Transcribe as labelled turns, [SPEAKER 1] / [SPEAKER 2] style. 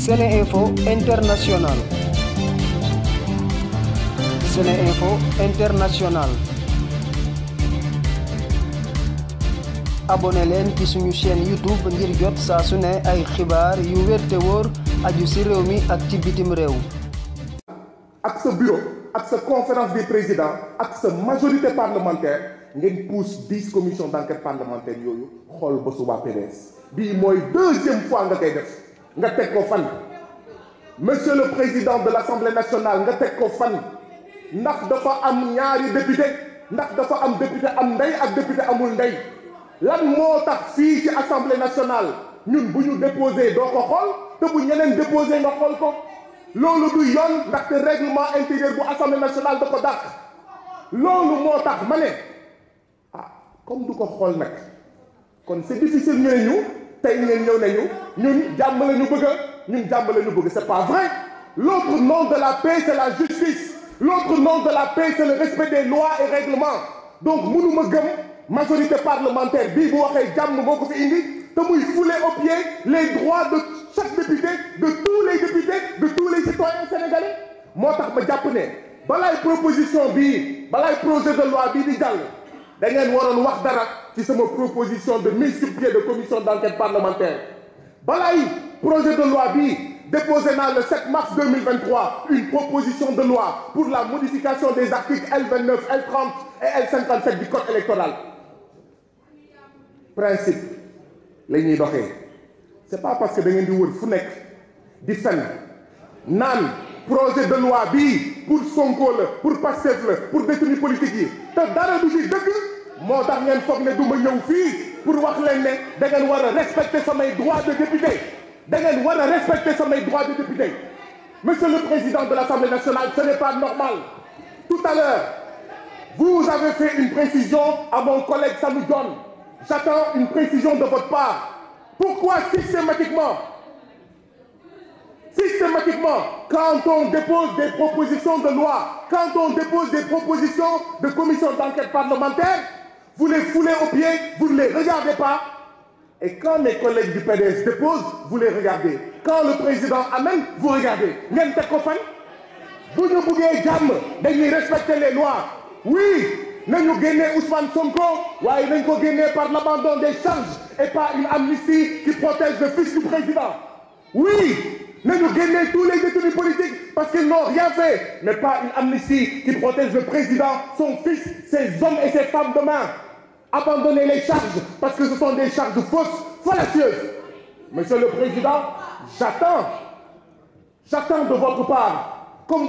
[SPEAKER 1] Sene Info International Sene Info leen ci suñu chaîne YouTube ngir jot saa su ne ay xibaar yu wér te wóor aju ci réew mi ak ci bitim réew ak sa bureau ak sa conférence des présidents ak sa majorité parlementaire ngeen pousse dix commission d'enquête parlementaire yooyu xool ba su waa bii mooy deuxième fois nga koy def nga teg ko fan monsieur le président de l'Assemblée nationale nga teg ko fan ndax dafa am ñaari député ndax dafa am député am ndey ak député amul ndey lan moo tax fii ci Assemblée nationale ñun bu ñu déposé doo ko xool te bu ñeneen déposé nga xool ko loolu du yoon ndaxte règlement intérieur bu Assemblée nationale da ko dàq loolu moo tax ma ne ah comme du ko xool nag kon c'est difficile ñu ñu tey ngeen ñëw nañu ñun jàmm la ñu bëgg ñun jàmm la ñu bëgg c'est pas vrai l'autre nom de la paix c'est la justice l'autre nom de la paix c'est le respect des lois et règlements donc mënuma gëm majorité parlementaire bii bu waxee jàmm moo ko fi indi te muy fouler au pied les droits de chaque député de tous les députés de tous les citoyens sénégalais moo tax ba jàpp ne balaay proposition bii balaay projet de loi bii di jàll da ngeen waroon wax dara ci sama proposition de multiplier de commission d'enquête parlementaire balaay projet de loi bi déposé naa le 7 mars 2023 une proposition de loi pour la modification des articles L29 L30 et L57 du code électoral principe la ñuy doxee c'est pas parce que da ngeen di wër fu nekk di fen naan projet de loi bii pour Sonko la pour Pastef la pour détenus moo tax ngeen ne du ma pour wax leen ne da ngeen war a respecter samay de député da ngeen a respecter samay droits de député monsieur le président de l'Assemblée nationale ce n'est pas normal tout à l'heure vous avez fait une précision à mon collègue Samy j'attends une précision de votre part pourquoi systématiquement systématiquement quand on dépose des propositions de loi quand on dépose des propositions de commission d'enquête parlementaire vous les foulez aux pieds, vous ne les regardez pas. Et quand mes collègues du PDS déposent, vous les regardez. Quand le président amène, vous regardez. ngeen teg ko fan bu ñu buggee respecter les lois oui nañu génnee Ousmane Sonko waaye nañ ko génnee par l'abandon des charges et par une amnistie qui protège le fils du président oui nañu génnee tous les détenus politiques Parce qu'ils n'ont rien fait, mais pas une amnistie qui protège le président, son fils, ses hommes et ses femmes demain. Abandonnez les charges, parce que ce sont des charges fausses, fallacieuses. Monsieur le Président, j'attends, j'attends de votre part, comme